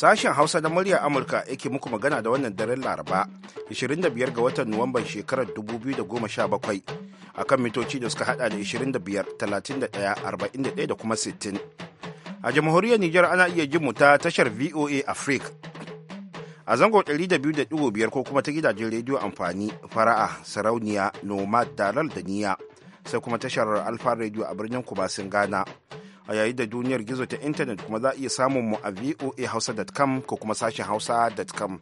Sashen Hausa na muryar Amurka yake muku magana da wannan daren Laraba 25 ga watan Nuwamban shekarar 2017 akan mitoci da suka hada da 25, 31, 41 da kuma 60. A jamhuriyar Nijar ana iya jin mu ta tashar VOA Africa. A zango 200.5 ko kuma ta gidajen rediyo amfani fara'a sarauniya nomad dalal da niya sai kuma tashar alfa radio a birnin kubasin Ghana. a yayin da duniyar gizo ta intanet kuma za a iya samun mu a voahausa.com ko kuma sashen hausa.com.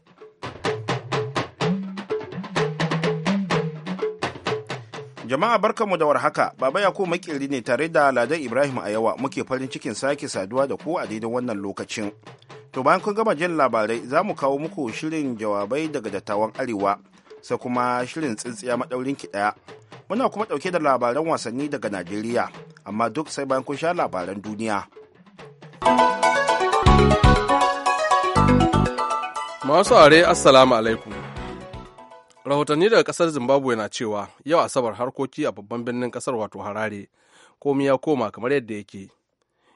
Jama'a mu da warhaka, Baba yakub Makeri ne tare da Ladan Ibrahim a yawa muke farin cikin sake saduwa da ku a daidai wannan lokacin. To bayan kun gama jin labarai za mu kawo muku shirin jawabai daga dattawan Arewa, sai kuma shirin tsintsiya maɗaurin ki Muna kuma ɗauke da labaran wasanni daga Najeriya, amma duk sai bayan kun sha labaran duniya. Masu are Assalamu alaikum. Rahotanni daga kasar Zimbabwe na cewa yau Asabar harkoki a babban birnin kasar wato Harare, komi ya koma kamar yadda yake.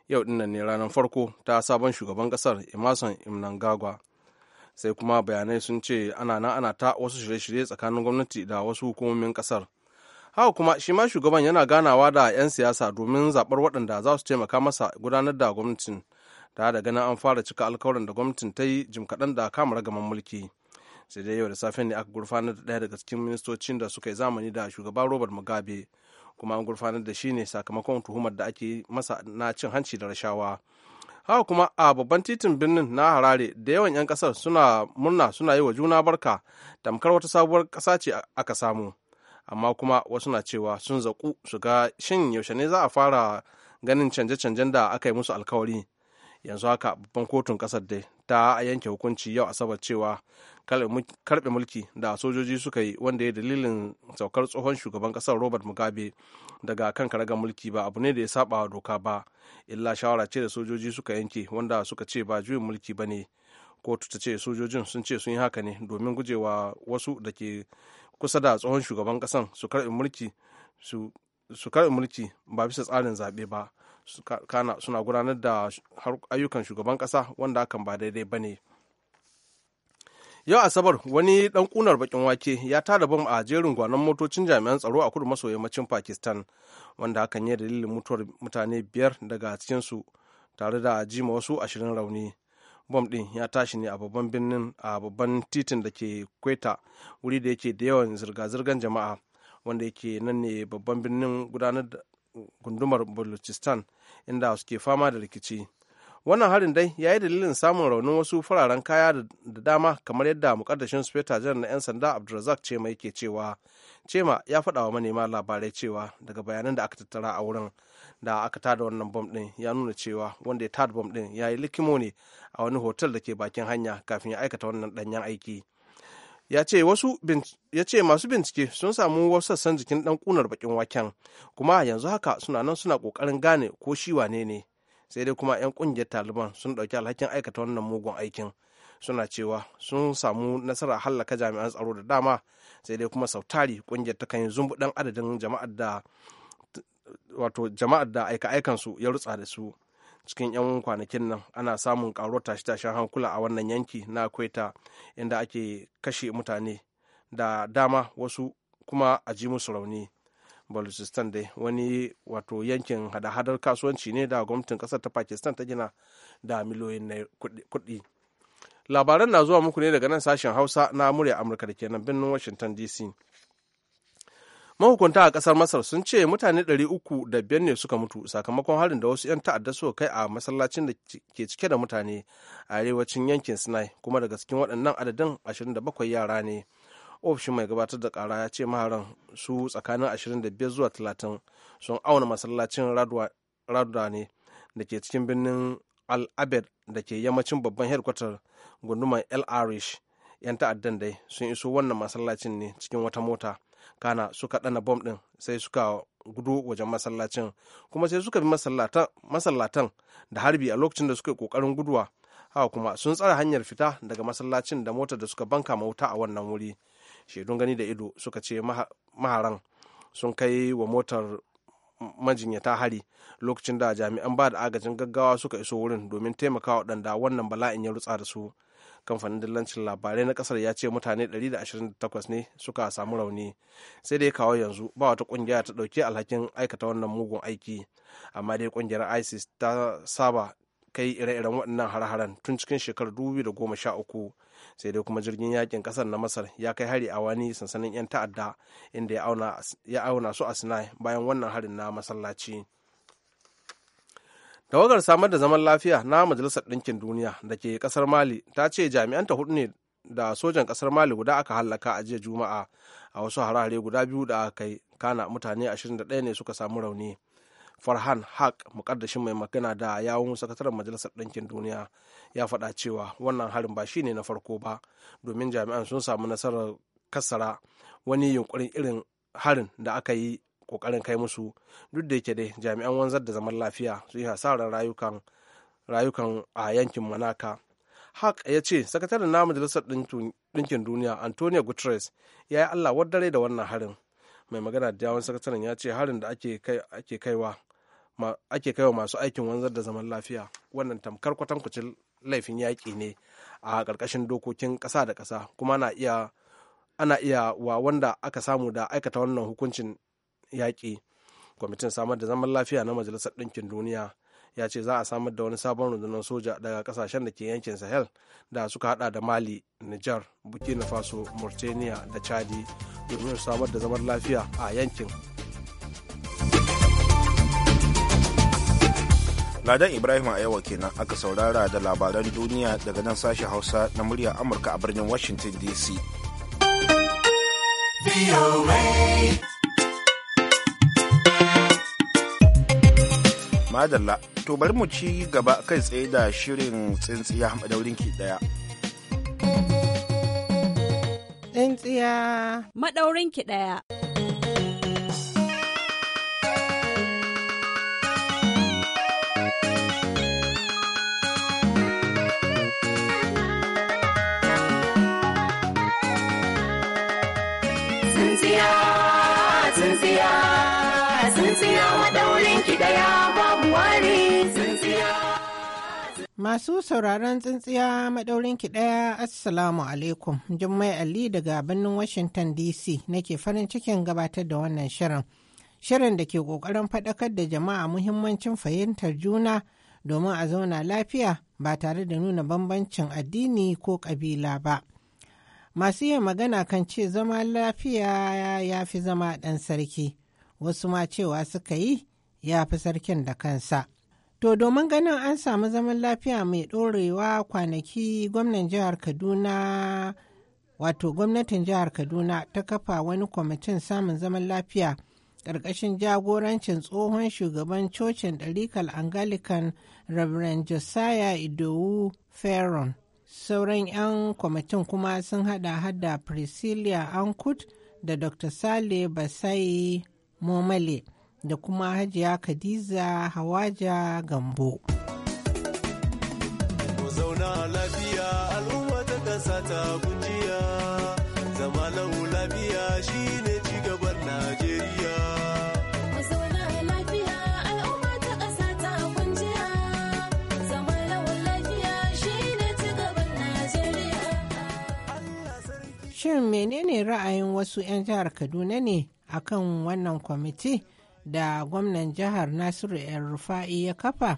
Yau dinnan ne ranar farko ta sabon shugaban kasar Emerson Imnangagwa. Sai kuma bayanai sun ce ana nan ana ta wasu shirye-shirye tsakanin gwamnati da wasu hukumomin kasar. haka kuma shi ma shugaban yana ganawa da 'yan siyasa domin zaɓar waɗanda za su taimaka masa gudanar da gwamnatin da da ganin an fara cika alkawarin da gwamnatin ta yi jim kaɗan da kama ragaman mulki sai dai yau da safe ne aka gurfanar da ɗaya daga cikin ministocin da suka yi zamani da shugaban robert mugabe kuma an gurfanar da shi ne sakamakon tuhumar da ake masa na cin hanci da rashawa haka kuma a babban titin birnin na harare da yawan 'yan kasar suna murna suna yi wa juna barka tamkar wata sabuwar ƙasa ce aka samu amma kuma wasu na cewa sun zaƙu su ga shin yaushe ne za a fara ganin canje-canjen da aka yi musu alkawari yanzu haka babban kotun ƙasar dai ta yanke hukunci yau asabar cewa karɓe mulki da sojoji suka yi wanda ya dalilin saukar tsohon shugaban ƙasar robert mugabe daga kan karagar mulki ba abu ne da ya saba doka ba illa shawara ce da sojoji suka yanke wanda suka ce ba juyin mulki ba ne kotu ta ce sojojin sun ce sun yi haka ne domin gujewa wasu da ke kusa da tsohon shugaban kasan su karɓi mulki ba bisa tsarin zaɓe ba kana suna gudanar da ayyukan shugaban kasa wanda hakan ba daidai ba ne yau asabar wani dan kunar bakin wake ya tada bom a jerin gwanon motocin jami'an tsaro a kudu maso yammacin pakistan wanda hakan ya dalilin mutuwar mutane biyar daga cikinsu tare da jima wasu ashirin rauni bom ɗin ya tashi ne a babban birnin a babban titin da ke kweta wuri da yake da yawan zirga-zirgar jama'a wanda yake nan ne babban birnin gudanar da gundumar balochistan inda suke fama da rikici wannan harin dai ya yi dalilin samun raunin wasu fararen kaya da dama kamar yadda mukaddashin speta janar na 'yan sanda abdulrazak cema yake cewa cema ya faɗa wa manema labarai cewa daga bayanan da aka tattara a wurin da aka tada wannan bom din ya nuna cewa wanda ya tada bom din ya yi likimo ne a wani hotel da ke bakin hanya kafin ya aikata wannan danyen aiki ya ce masu bincike sun samu wasu sassan jikin dan kunar bakin waken kuma yanzu haka suna nan suna kokarin gane ko shi wane ne sai dai kuma 'yan kungiyar taliban sun dauki alhakin aikata wannan mugun aikin suna cewa sun samu nasara hallaka jami'an tsaro da dama sai dai kuma sautari kungiyar ta kan yi dan adadin jama'ar da wato jama'ar da aika-aikansu ya rutsa da su cikin 'yan kwanakin nan ana samun karuwar tashe-tashen hankula a wannan yanki na kweta inda ake kashe mutane da dama wasu kuma a ji musu rauni baluchistan dai wani wato yankin hada-hadar kasuwanci ne da gwamnatin kasar ta pakistan ta gina da miliyoyin na kuɗi labaran na zuwa muku ne daga nan sashen hausa na murya amurka da kenan birnin washington dc mahukunta a kasar masar sun ce mutane da biyar ne suka mutu sakamakon harin da wasu 'yan ta'adda suka kai a masallacin da ke cike da mutane a arewacin yankin sinai kuma daga cikin waɗannan adadin 27 yara ne ofishin mai gabatar da kara ya ce maharan su tsakanin 25 zuwa 30 sun auna masallacin raduwa ne da ke cikin birnin al-abed da ke yammacin babban hedkwatar gundumar el arish 'yan ta'addan dai sun iso wannan masallacin ne cikin wata mota kana suka ɗana bom ɗin sai suka gudu wajen masallacin kuma sai suka bi masallatan da harbi a lokacin da suka ƙoƙarin guduwa haka kuma sun tsara hanyar fita daga masallacin da motar da suka banka mauta a wannan wuri shaidun gani da ido suka ce maharan sun kai wa motar majinyata hari lokacin da jami'an ba da agajin gaggawa suka iso wurin domin taimakawa waɗanda wannan bala'in ya rutsa da su kamfanin dillancin labarai na kasar ya ce mutane 128 ne suka samu rauni sai dai kawo yanzu ba wata kungiya ta dauki alhakin aikata wannan mugun aiki amma dai kungiyar isis ta saba kai ire-iren waɗannan har-haren tun cikin shekarar 2013 sai dai kuma jirgin yakin kasar na masar ya kai hari a wani sansanin 'yan ta'adda inda ya auna su a sinai bayan wannan harin na masallaci. tawagar samar da zaman lafiya na majalisar ɗinkin duniya da ke ƙasar mali ta ce jami'an ta hudu ne da sojan ƙasar mali guda aka hallaka a jiya juma'a a wasu harare guda biyu da aka kai kana mutane ashirin da ɗaya ne suka samu rauni farhan haq mukaddashin mai magana da yawun sakataren majalisar ɗinkin duniya ya faɗa cewa wannan harin ba shi ne na farko ba domin jami'an sun samu nasarar kassara wani yunkurin irin harin da aka yi kokarin kai musu duk da yake dai jami'an wanzar da zaman lafiya su yi hasarar rayukan rayukan a yankin manaka haq ya ce sakataren na majalisar ɗinkin duniya antonio guterres ya yi allah wadare da wannan harin mai magana da yawon sakataren ya ce harin da ake kaiwa ake masu aikin wanzar da zaman lafiya wannan tamkar kwatankwacin laifin yaƙi ne a ƙarƙashin dokokin ƙasa da ƙasa kuma ana iya wa wanda aka samu da aikata wannan hukuncin yaƙi kwamitin samar da zaman lafiya na majalisar ɗinkin duniya ya ce za a samar da wani sabon rundunar soja daga kasashen da ke yankin sahel da suka hada da mali niger burkina faso mauritania da chadi domin samar da zaman lafiya a yankin ladan ibrahim a yawa kenan aka saurara da labaran duniya daga nan sashen hausa na muryar amurka a birnin washington dc madalla to bari mu ci gaba kai tsaye da shirin tsintsiya madaurinki daya tsintsiya madaurinki daya Tsintsiya, tsintsiya, tsintsiya. Masu sauraron tsintsiya maɗaurin ki ɗaya Assalamu alaikum Jummai Ali daga birnin Washington DC nake farin cikin gabatar da wannan shirin. Shirin da ke ƙoƙarin faɗakar da jama'a muhimmancin fahimtar juna domin a zauna lafiya ba tare da nuna bambancin addini ko ƙabila ba. Masu yin magana kan ce zama lafiya ya fi zama ɗan sarki, wasu ma cewa suka yi ya fi sarkin da kansa. To domin ganin an samu zaman lafiya mai ɗorewa kwanaki gwamnan jihar Kaduna wato gwamnatin jihar Kaduna ta kafa wani kwamitin samun zaman lafiya ƙarƙashin jagorancin tsohon shugaban cocin ɗarikal Anglican Reverend Josiah Idowu Ferron. Sauran 'yan kwamitin kuma sun hada hada Priscilla Ankut da Dr. Sale Basai Momale. da kuma hajiya Khadiza Hawaja Gambo. zauna lafiya al'umma ta kasa ta kujiya zama lau lafiya shine cigaban Najeriya. Shin menene ra'ayin wasu 'yan jihar Kaduna ne akan wannan kwamiti? da gwamnan jihar nasiru El rufa'i ya kafa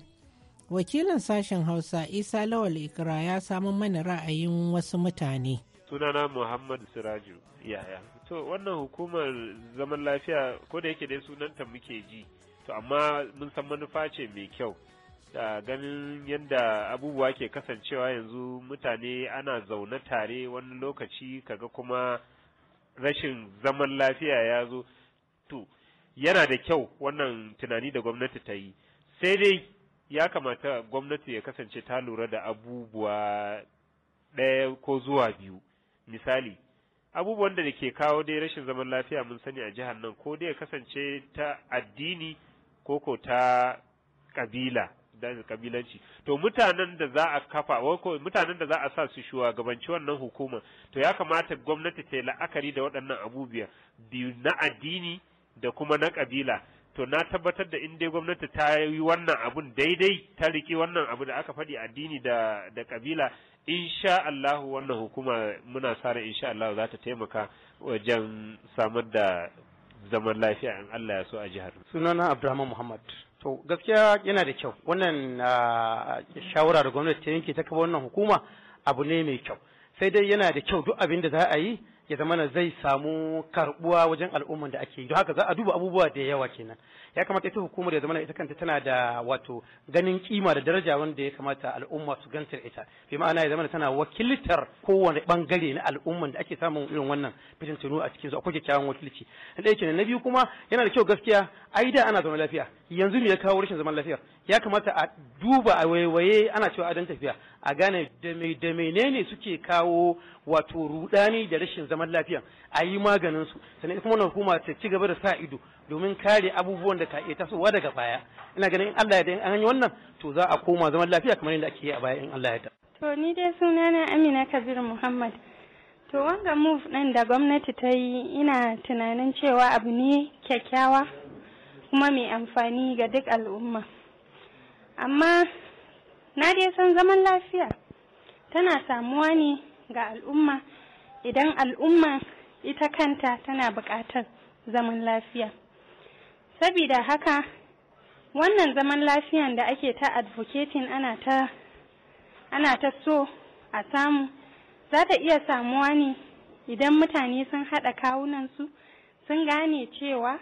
wakilin sashen hausa isa lawal ikra ya samu mana ra'ayin wasu mutane sunana muhammad siraju yaya to wannan hukumar zaman lafiya ko da yake dai sunanta muke ji to amma mun san manufa ce mai kyau da ganin yadda abubuwa ke kasancewa yanzu mutane ana zaune tare wani lokaci kaga kuma rashin zaman lafiya ya zo to yana da kyau wannan tunani da gwamnati ta yi sai dai ya kamata gwamnati ya kasance ta lura da abubuwa ɗaya ko zuwa biyu misali abubuwan da ke kawo dai rashin zaman lafiya mun sani a jihar nan ko dai ya kasance ta addini ko ko ta kabila da kabilanci to mutanen da za a kafa ko mutanen da za a sa su shuwa gabanci wannan hukuma to ya kamata gwamnati ta yi la'akari da waɗannan abubuwa na addini da kuma na kabila to na tabbatar da in dai gwamnati ta yi wannan abun daidai ta riƙe wannan abu da aka faɗi addini da da kabila insha Allah wannan hukuma muna sa ran insha Allah za ta taimaka wajen samar da zaman lafiya in Allah ya so a jihar sunana Abdurrahman Muhammad to gaskiya yana da kyau wannan ah, shawara da gwamnati ta yanke ta kafa wannan hukuma abu ne mai kyau sai dai yana da kyau duk abin da za a yi ya zamana zai samu karbuwa wajen al'umman da ake yi don haka za a duba abubuwa da yawa kenan ya kamata ita hukumar ya zamana ita kanta tana da wato ganin kima da daraja wanda ya kamata al'umma su gantar ita bi ma'ana ya zamana tana wakiltar kowane bangare na al'umman da ake samun irin wannan fitintunu a cikin su akwai kyakkyawan wakilci na ɗaya kenan na biyu kuma yana da kyau gaskiya ai da ana zaman lafiya yanzu me ya kawo rashin zaman lafiyar. ya kamata a duba a waiwaye ana cewa adon tafiya a gane da menene suke kawo wato rudani da rashin zaman lafiya a yi maganin su sannan kuma na hukuma ta ci gaba da sa ido domin kare abubuwan da ka iya tasowa daga baya ina ganin in Allah ya da an yi wannan to za a koma zaman lafiya kamar yadda ake yi a baya in Allah ya da to ni dai sunana Amina Kabir Muhammad to wanga move ɗin da gwamnati ta yi ina tunanin cewa abu ne kyakkyawa kuma mai amfani ga duk al'umma amma na dai san zaman lafiya tana samuwa ne ga al'umma idan al'umma ita kanta tana buƙatar zaman lafiya sabida haka wannan zaman lafiyan da ake ta advocating ana ta ana ta so a samu za ta iya samuwa ne idan mutane sun haɗa kawunansu sun gane cewa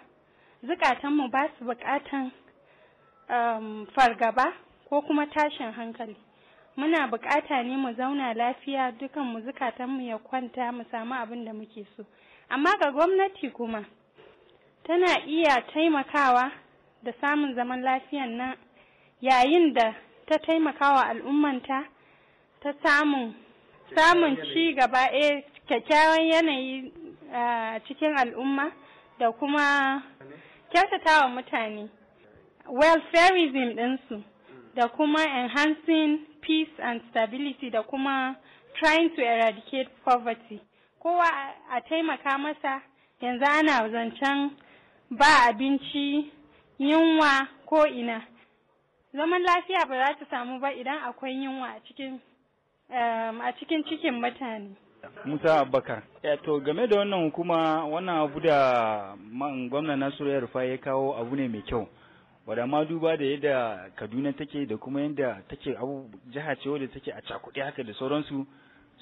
zukatanmu ba su buƙatan Um, fargaba ko kuma tashin hankali muna bukata ne mu zauna lafiya dukan mu zukatanmu ya kwanta mu samu abin da muke so amma ga gwamnati kuma tana iya taimakawa da samun zaman lafiyan nan yayin da ta taimakawa al'ummanta ta samun samun ci gaba e kyakkyawan yanayi a ah, cikin al'umma da kuma kyautatawa mutane welfareism ɗinsu da kuma enhancing peace and stability da kuma trying to eradicate poverty kowa a taimaka masa yanzu ana zancen ba abinci yunwa ko ina zaman lafiya ba za ta samu ba idan akwai yunwa a cikin um, a cikin cikin mutane Musa Abubakar. to game da wannan hukuma wannan abu da man gwamna Nasiru rufa ya kawo abu ne mai kyau. wadda ma duba da yadda kaduna take da kuma yadda take abu jiha ce wadda take a cakuɗe haka da sauransu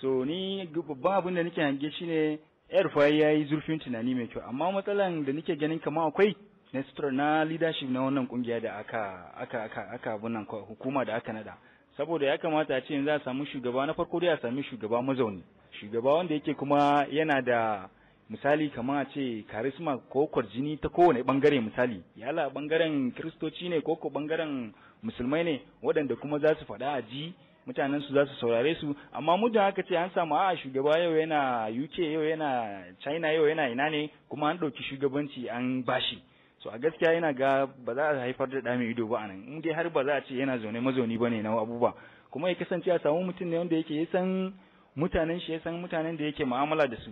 so ni babban abin da nake hange shine yar fayi ya yi zurfin tunani mai kyau amma matsalan da nake ganin kama akwai na na leadership na wannan kungiya da aka aka aka aka nan hukuma da aka nada saboda ya kamata a ce yanzu a samu shugaba na farko dai a sami shugaba mazauni shugaba wanda yake kuma yana da misali kamar a ce karisma ko kwarjini ta kowane bangare misali yala bangaren kiristoci ne ko bangaren musulmai ne waɗanda kuma za su faɗa a ji mutanen su za su saurare su amma mudan haka ce an samu a shugaba yau yana UK yau yana China yau yana ina ne kuma an ɗauki shugabanci an bashi so a gaskiya yana ga ba za a haifar da ɗami ido ba anan in dai har ba za a ce yana zaune mazauni ba ne na abubuwa kuma ya kasance a samu mutum ne wanda yake ya san mutanen shi ya san mutanen da yake mu'amala da su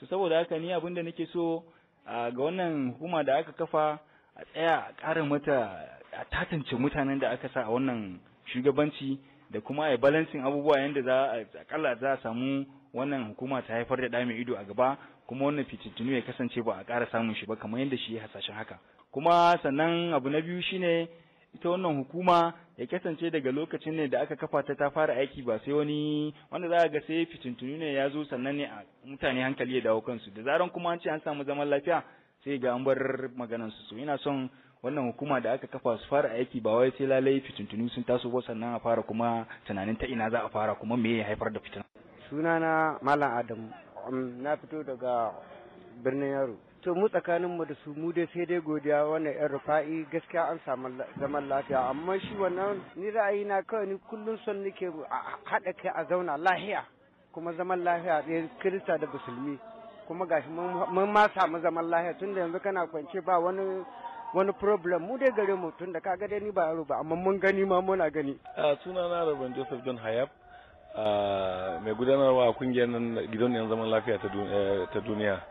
su saboda haka ni abin da nake so ga wannan hukuma da aka kafa a tsaya a ƙara mata a tatance mutanen da aka sa a wannan shugabanci da kuma a balancin abubuwa yadda za a akalla za a samu wannan hukuma ta haifar da ɗame ido a gaba kuma wannan fitintunu ya kasance ba a ƙara samun shi ba kamar yadda shi ya hasashen haka kuma sannan abu na biyu shine ita wannan hukuma ya kasance daga lokacin ne da aka kafa ta ta fara aiki ba sai wani wanda za ga sai fitintunu ne ya zo sannan ne a mutane hankali ya dawo kansu da zaran kuma an ce an samu zaman lafiya sai ga an bar maganan su ina son wannan hukuma da aka kafa su fara aiki ba wai sai lalai fitintunu sun taso ba sannan a fara kuma tunanin ta ina za a fara kuma me ya haifar da fitina sunana malam adamu um, na fito daga birnin yaro to mu tsakanin mu da su mu dai sai dai godiya wannan yan rufa'i gaskiya an samu zaman lafiya amma shi wannan ni ra'ayi na kawai ni kullum son nake haɗa kai a zauna lahiya kuma zaman lafiya ɗaya kirista da musulmi kuma gashi mun ma samu zaman lahiya tun da yanzu kana kwance ba wani wani problem mu dai gare mu tun da ka gade ni ba yaro ba amma mun gani ma muna gani a suna na rabin joseph john hayab mai gudanarwa a kungiyar gidauniyar zaman lafiya ta eh, duniya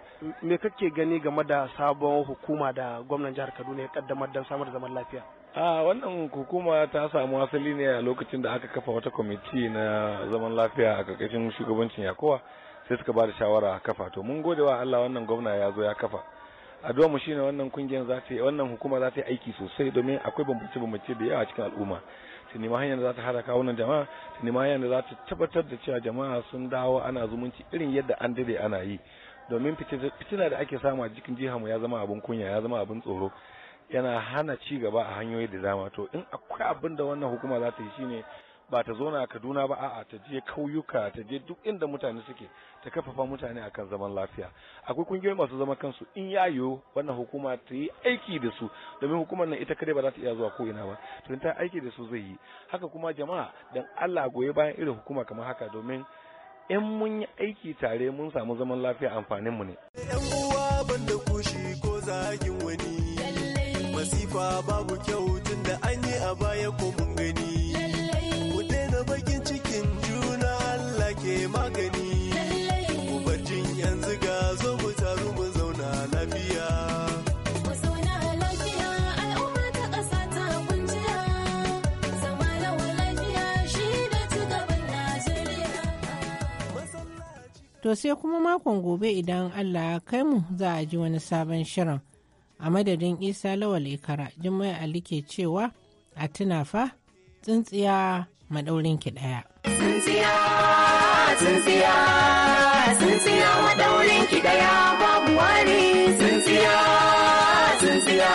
me kake gani game da sabon hukuma da gwamnan jihar Kaduna ya kaddamar don samar da zaman lafiya? A wannan hukuma ta samu asali ne a lokacin da aka kafa wata kwamiti na zaman lafiya a karkashin shugabancin Yakowa sai suka ba da shawara a kafa to mun gode wa Allah wannan gwamna ya zo ya kafa addu'a mu shine wannan kungiyar za ta wannan hukuma za ta yi aiki sosai domin akwai bambance bambance da yawa cikin al'umma ta nema hanyar da za ta hada kawunan jama'a ta nema hanyar da za ta tabbatar da cewa jama'a sun dawo ana zumunci irin yadda an dade ana yi domin fitina da ake samu a cikin jiha mu ya zama abin kunya ya zama abin tsoro yana hana ci gaba a hanyoyi da dama to in akwai abin da wannan hukuma za ta yi shine ba ta zauna na Kaduna ba a'a ta je kauyuka ta je duk inda mutane suke ta kafafa mutane akan zaman lafiya akwai kungiyoyi masu zama kansu in yayo wannan hukuma ta yi aiki da su domin hukumar nan ita kadai ba za ta iya zuwa ko ina ba to in ta aiki da su zai yi haka kuma jama'a dan Allah goye bayan irin hukuma kamar haka domin in mun yi aiki tare mun samu zaman lafiya amfanin mu ne yan uwa banda kushi ko zagin wani masifa babu kyau tunda an yi a baya ko To sai kuma makon gobe idan Allah ya kai mu za a ji wani sabon shirin. A madadin Isa Lawal Ikara, Jummai Ali ke cewa a tuna fa tsintsiya maɗaurin ki ɗaya. Tsintsiya, tsintsiya, tsintsiya maɗaurin ki ɗaya babu wani tsintsiya, tsintsiya,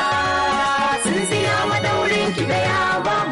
tsintsiya maɗaurin ki ɗaya babu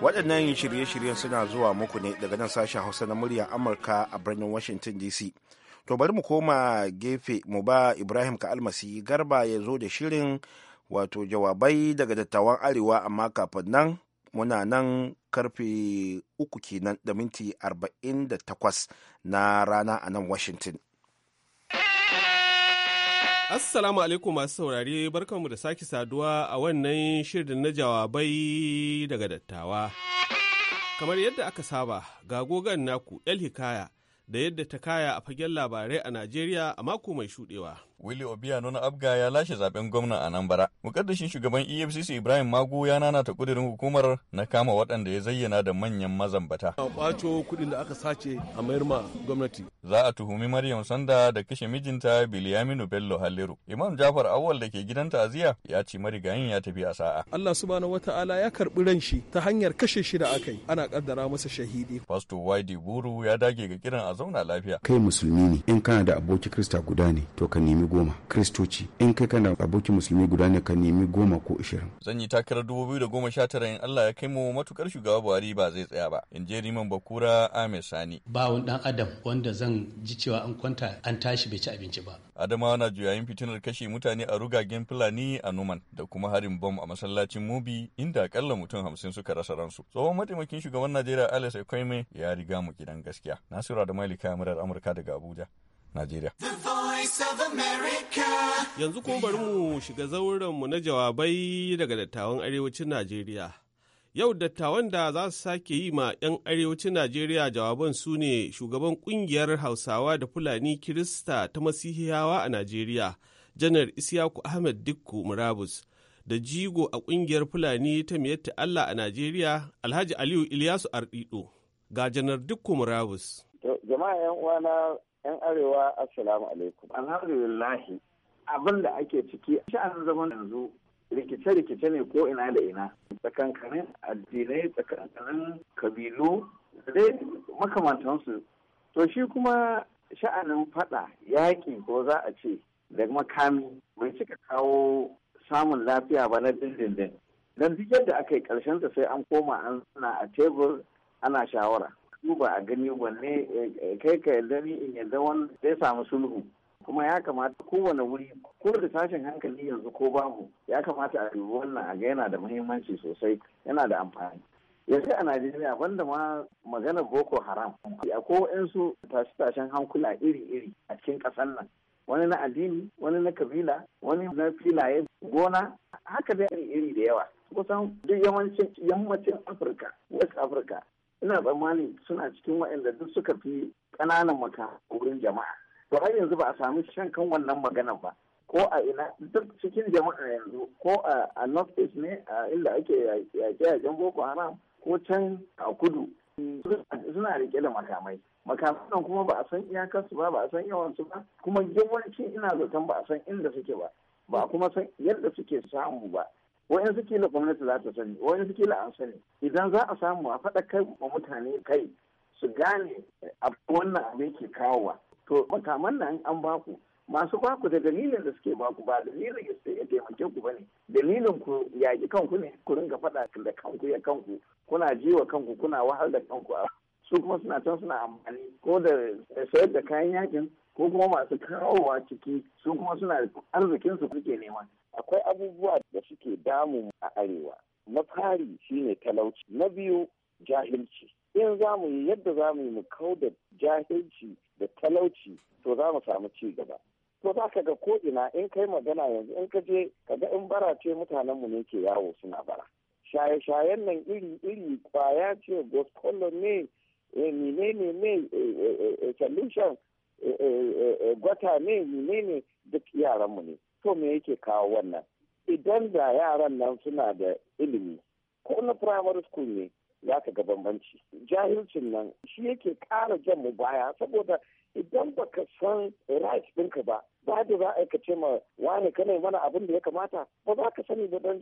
waɗannan shirye-shiryen suna zuwa muku ne daga nan sashen hausa na muryar amurka a birnin washington dc to bari mu koma gefe mu ba ibrahim ka almasi garba ya zo da shirin wato jawabai daga dattawan arewa amma kafin nan muna nan karfe uku kenan da minti 48 na rana a nan washington Assalamu alaikum masu saurare barkanmu da sake saduwa a wannan shirin na jawabai daga dattawa. Kamar yadda aka saba, ga gogan naku El Hikaya da yadda ta kaya a fagen labarai a Najeriya a mako mai shudewa. Willy Obiano na Abga ya lashe zaben gwamna a nan bara. Mukaddashin shugaban EFCC Ibrahim Magu ya nana ta kudirin hukumar na kama waɗanda ya zayyana da manyan mazambata. A ɓaco kuɗin da aka sace a mayar ma gwamnati. Za a tuhumi Maryam Sanda da kashe mijinta Biliyaminu Bello Halliru. Imam Jafar Awal da ke gidan ta'aziyya ya ci marigayin ya tafi a sa'a. Allah subhanahu wata'ala ya karɓi ran shi ta hanyar kashe shi da aka yi ana kaddara masa shahidi. Fasto Wadi Buru ya dage ga kiran a zauna lafiya. Kai musulmi ne in kana da aboki Krista guda ne to ka nemi goma kristoci in kai kana abokin musulmi guda ne ka nemi goma ko ishirin. zan yi takarar dubu biyu da goma sha tara in allah ya kai mu matukar shugaba buhari ba zai tsaya ba in je riman bakura ahmed sani. bawon dan adam wanda zan ji cewa an kwanta an tashi bai ci abinci ba. adamawa na juyayin fitinar kashe mutane a rugagen fulani a numan da kuma harin bom a masallacin mubi inda akalla mutum hamsin suka rasa ransu tsohon mataimakin shugaban najeriya alex ekwaime ya riga mu gidan gaskiya nasiru da malika murar amurka daga abuja najeriya. Yanzu kuma bari mu shiga zaurenmu na jawabai daga dattawan arewacin Najeriya. Yau dattawan da za su sake yi ma 'yan arewacin Najeriya jawaban su ne shugaban kungiyar Hausawa da Fulani Kirista ta Masihiyawa a Najeriya, Janar Isiyaku Ahmed Dikku Murabus, da jigo a kungiyar Fulani ta Miyatta Allah a Najeriya, Alhaji Aliyu Ilyasu Ardido, ga Janar Dikku Murabus. Jama'a 'yan uwana 'Yan Arewa Assalamu alaikum. alhamdulillah abin da ake ciki sha'anin zaman yanzu rikice-rikice ne ko ina da ina tsakankanin addinai tsakankanin kabilu dai makamantansu to shi kuma sha'anin fada yaƙi ko za a ce da makami bai cika kawo samun lafiya ba na dindindin don duk yadda aka yi ƙarshen sai an koma an a tebur ana shawara duba a gani wanne eh, kai ka yarda ni in yarda wani zai samu sulhu kuma ya kamata kowane wuri ko da tashin hankali yanzu ko babu ya kamata a dubi wannan a ga yana da muhimmanci sosai yana da amfani yanzu a najeriya banda ma maganar boko haram akwai waɗansu tashe-tashen hankula iri-iri a cikin kasan nan wani na addini wani na kabila wani na filaye gona haka dai iri-iri da yawa kusan duk yawancin yammacin afirka west afirka. ina tsammanin suna cikin waɗanda duk suka fi ƙananan maka wurin jama'a to har yanzu ba a sami shan kan wannan maganan ba ko a ina duk cikin jama'a yanzu ko a north east ne a inda ake yaƙe jan boko haram ko can a kudu suna rike da makamai nan kuma ba a san iyakarsu ba ba a san yawansu ba kuma yawancin ina zaton ba a san inda suke ba ba kuma san yadda suke samu ba wayan suke kila gwamnati za ta sani wayan suke kila an sani idan za a samu a faɗa kai wa mutane kai su gane wannan abin ke kawowa to makaman nan an baku masu baku da dalilin da suke baku ba dalilin da ya taimake ku bane dalilin ku yaƙi kanku ne ku ringa faɗa da kanku ya kanku kuna jiwa kanku kuna wahal da kanku a su kuma suna can suna amfani ko da sayar da kayan yakin ko kuma masu kawowa ciki su kuma suna arzikin su kuke nema akwai abubuwa da suke damu a arewa na fari shine talauci na biyu jahilci in za mu yi yadda za mu yi mu kau da jahilci da talauci to za mu samu ci gaba to za ka ga ko ina in kai magana yanzu in ka je ka ga in bara ce mutanenmu ne ke yawo suna bara shaye-shayen nan iri-iri kwaya ce gospolo ne eh, ne ne eh, eh, solution gwata ne ne ne duk yaranmu ne to me yake kawo wannan idan da yaran nan suna da ilimi ko na primary school ne za ka ga bambanci jahilcin nan shi yake kara jan mu baya saboda idan baka san right ɗinka ba ba da za a ce ma wani kana mana abin da ya kamata ba za ka sani ba don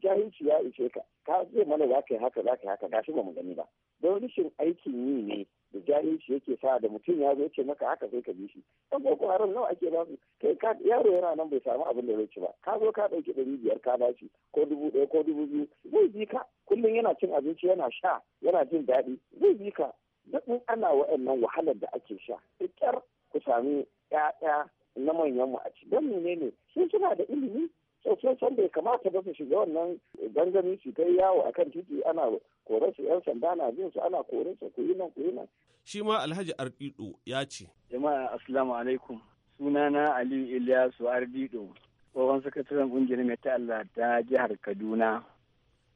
jahilci ya ishe ka ka zai mana za ka yi haka za ka yi haka gashi ba mu gani ba don rashin aikin yi ne da jahilci yake sa da mutum ya zo ce maka haka sai ka bi shi dan boko haram nawa ake ba su kai ka yaro yana nan bai samu abin da zai ci ba ka zo ka ɗauki ɗari biyar ka shi ko dubu ɗaya ko dubu biyu zai bi ka kullum yana cin abinci yana sha yana jin daɗi zai bi ka duk in ana wa'annan wahalar da ake sha ƙyar ku sami ƴaƴa na manyan mu a ci don menene sun suna da ilimi sosai san bai kamata ba su shiga wannan gangami su kai yawo akan titi ana korar su yan sanda na jin su ana korar su ku yi nan ku yi nan shi ma alhaji ardido ya ce jama'a assalamu alaikum sunana aliyu ilyasu ardido tsohon sakataren kungiyar mai Allah ta jihar kaduna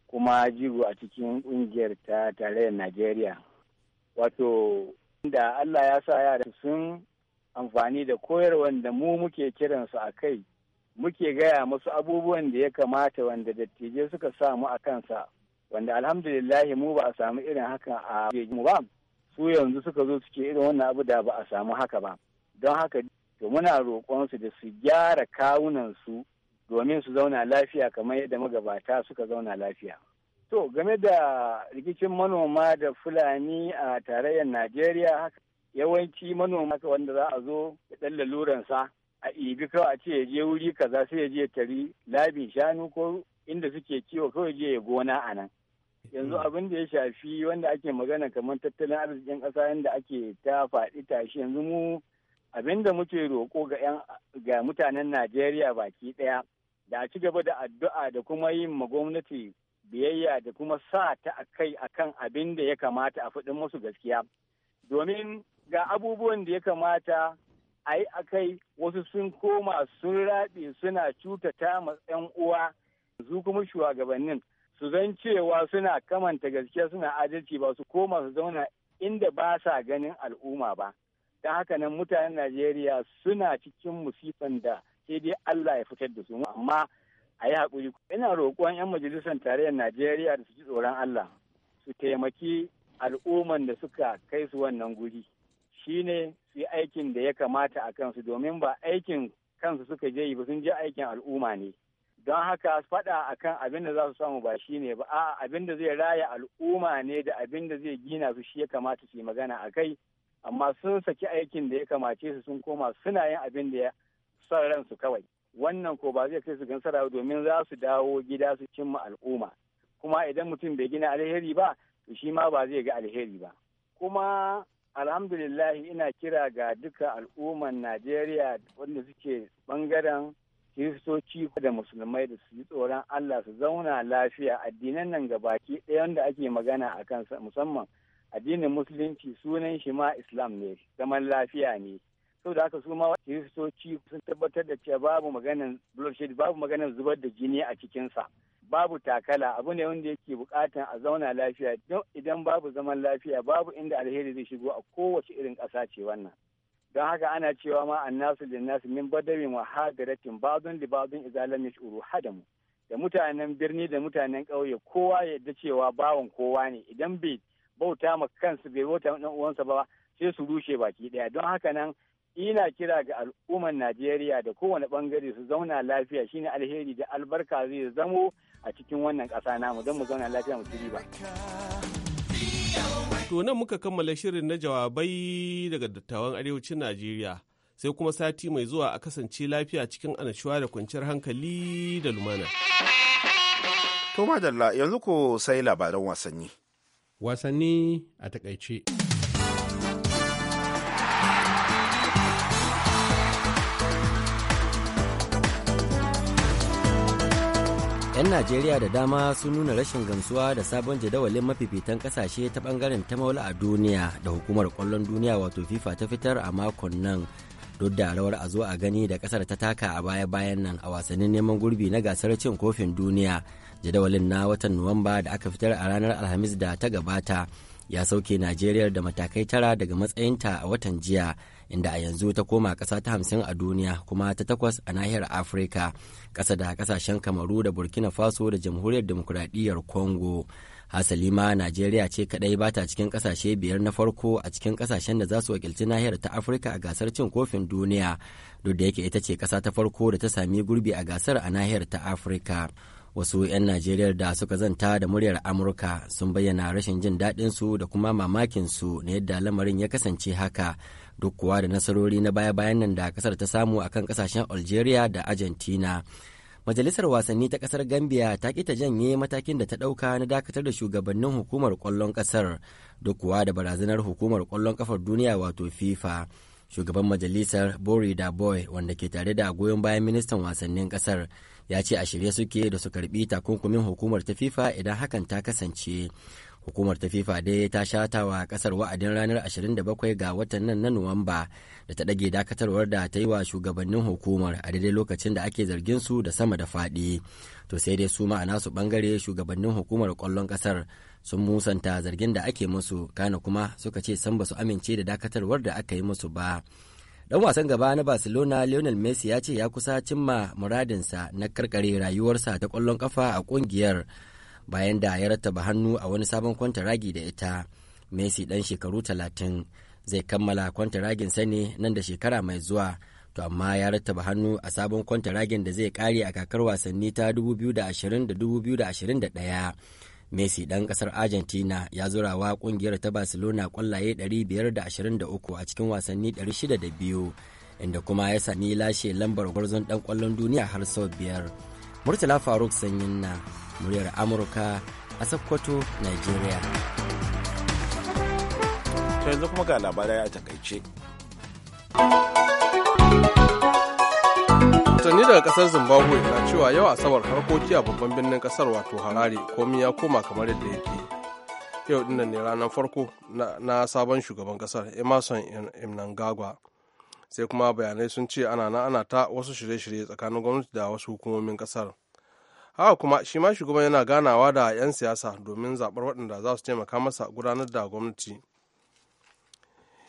kuma jigo a cikin kungiyar ta tarayyar najeriya wato inda allah ya sa yara sun amfani da koyarwar da mu muke kiransu a kai muke gaya masu abubuwan da ya kamata wanda dattijai suka samu a kansa wanda alhamdulillahi mu ba a samu irin hakan a mu ba su yanzu suka zo suke irin wannan abu da ba a samu haka ba don haka to muna su da su gyara kawunan su domin su zauna lafiya kamar yadda magabata suka zauna lafiya to game da rikicin manoma da fulani a tarayyar najeriya yawanci manoma wanda za a zo ya ɗan sa a ibi kawai a ce ya je wuri kaza sai ya je tari labin shanu ko inda suke kiwo kawai je ya gona a nan yanzu mm. abin da ya shafi wanda ake magana kamar tattalin arzikin ƙasa yadda ake ta faɗi tashi yanzu mu abin da muke roƙo ga ga mutanen Najeriya baki ɗaya da a ci gaba da addu'a da kuma yin ma gwamnati biyayya da kuma sa ta a kai a kan abin da ya kamata a faɗin musu gaskiya domin ga abubuwan da ya kamata a yi a kai wasu sun koma sun raɗe suna cutata ma 'yan uwa yanzu kuma shugabannin su zan cewa suna kamanta gaskiya suna adalci ba su koma su zauna inda ba sa ganin al'umma ba don haka nan mutanen najeriya suna cikin musifan da sai dai allah ya fitar da su amma a yi haƙuri ina roƙon 'yan majalisar tarayyar najeriya da su ji tsoron allah su taimaki al'umman da suka kai su wannan guri shine su yi aikin da ya kamata a kansu domin ba aikin kansu suka je yi ba sun je aikin al'umma ne don haka faɗa akan abin da za su samu ba shi ne ba a abin da zai raya al'umma ne da abin da zai gina su shi ya kamata su yi magana a kai amma sun saki aikin da ya kamace su sun koma suna yin abin da ya son ransu kawai wannan ko ba zai kai su gansara domin za su dawo gida su cimma al'umma kuma idan mutum bai gina alheri ba to shi ma ba zai ga alheri ba kuma alhamdulillah ina kira ga duka al'umman najeriya wanda suke bangaren kiristoci da musulmai da su ji tsoron Allah su zauna lafiya addinan nan gabaki ɗaya wanda ake magana a kansa musamman addinin musulunci sunan shi ma islam ne zaman lafiya ne saboda haka su ma kiristoci sun tabbatar da cewa babu maganan bloodshed babu maganin zubar da jini a cikinsa babu takala abu ne wanda yake bukatan a zauna lafiya idan babu zaman lafiya babu inda alheri zai shigo a kowace irin ƙasa ce wannan don haka ana cewa ma annasu nasu min badawin wa hadiratin bazun da bazun izalam yashuru hadamu da mutanen birni da mutanen kauye kowa ya yadda cewa bawan kowa ne idan bai bauta ma kansu bai bauta ɗan uwansa ba sai su rushe baki ɗaya don haka nan ina kira ga al'ummar Najeriya da kowane bangare su zauna lafiya shine alheri da albarka zai zamo a cikin wannan ƙasa namu don mu zauna lafiya mu ci riba. To nan muka kammala shirin na jawabai daga dattawan arewacin Najeriya sai kuma sati mai zuwa a kasance lafiya cikin anashuwa da kwanciyar hankali da lumana. To madalla yanzu ko sai labaran wasanni. Wasanni a takaice. 'yan najeriya da dama sun nuna rashin gamsuwa da sabon jadawalin mafifitan kasashe ta bangaren ta maula a duniya da hukumar kwallon duniya wato fifa ta fitar a makon nan duk da rawar a zo a gani da kasar ta taka a baya-bayan nan a wasannin neman gurbi na gasar cin kofin duniya jadawalin na watan nuwamba da aka fitar a ranar alhamis da ta gabata ya sauke najeriya da matakai tara daga matsayinta a watan jiya inda a yanzu ta koma ƙasa ta hamsin a duniya kuma ta takwas a nahiyar afirka ƙasa da ƙasashen kamaru da burkina faso da jamhuriyar demokuraɗiyyar congo hasali ma najeriya ce kadai ba ta cikin ƙasashe biyar na farko a cikin ƙasashen da za su wakilci nahiyar ta afirka a gasar cin kofin duniya duk da yake ita ce ƙasa ta farko da ta sami gurbi a gasar a nahiyar ta afirka wasu 'yan najeriya da suka zanta da muryar amurka sun bayyana rashin jin daɗinsu da kuma mamakinsu na yadda lamarin ya kasance haka duk kuwa da nasarori na baya-bayan nan da kasar ta samu a kan kasashen algeria da argentina majalisar wasanni ta kasar gambia ta kita janye matakin da ta ɗauka na dakatar da shugabannin hukumar kwallon ƙasar duk kuwa da barazanar hukumar kwallon ƙafar duniya wato fifa shugaban majalisar bori da boy wanda ke tare da goyon bayan ministan wasannin kasar ya ce a shirye suke da su karbi takunkumin hukumar ta fifa idan hakan ta kasance hukumar ta fifa dai ta shata wa kasar wa'adin ranar 27 ga watan nan na nuwamba da ta ɗage dakatarwar da ta yi wa shugabannin hukumar a daidai lokacin da ake zargin su da sama da faɗi to sai dai su ma'ana su bangare shugabannin hukumar kwallon kasar sun musanta zargin da ake musu kana kuma suka ce san ba su amince da dakatarwar da aka yi musu ba dan wasan gaba na barcelona lionel messi ya ce ya kusa cimma muradinsa na karkare rayuwarsa ta kwallon kafa a kungiyar bayan da ya rattaba hannu a wani sabon kwanta kwantaragi da ita messi dan shekaru talatin zai kammala kwantaragin sa ne nan da shekara mai zuwa to amma ya rattaba hannu a sabon kwanta-ragin da zai kare a kakar wasanni ta 2020 da 2021 messi dan ƙasar argentina ya zurawa ƙungiyar ta barcelona kwallaye 523 a cikin wasanni 602 inda kuma ya sani lashe lambar gwarzon ɗan ƙwallon duniya har sau biyar murtala faruk sanyin na muryar amurka a sokoto nigeria yanzu kuma ga labarai a takaice watanni daga kasar zimbabwe na cewa yau asabar harkoki a babban birnin kasar wato harare komi ya koma kamar yadda yake yau dinnan ne ranar farko na sabon shugaban kasar emerson imnangagwa sai kuma bayanai sun ce ana na ana ta wasu shirye-shirye tsakanin gwamnati da wasu hukumomin kasar haka kuma shi ma shugaban yana ganawa da 'yan siyasa domin zaɓar waɗanda za su taimaka masa gudanar da gwamnati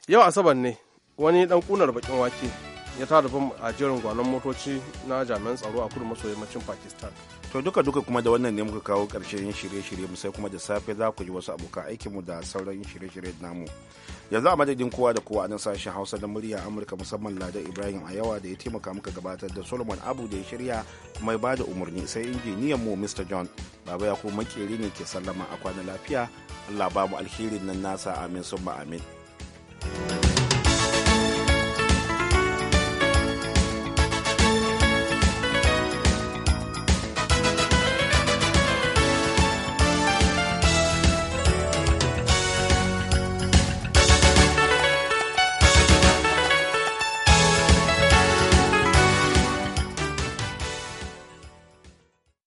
yau asabar ne wani ɗan ƙunar baƙin wake ya tada bam a jerin gwanon motoci na jami'an tsaro a kudu maso yammacin pakistan to duka duka kuma da wannan ne muka kawo karshen shirye-shirye mu sai kuma da safe za ku ji wasu abokan aikin mu da sauran shirye-shirye namu yanzu a madadin kowa da kowa a nan sashen hausa da murya amurka musamman ladan ibrahim a yawa da ya taimaka muka gabatar da solomon abu da ya shirya mai ba da umarni sai injiniyan mu mr john baba ya kuma makeri ne ke sallama a kwana lafiya allah ba mu alherin nan nasa amin summa amin thank you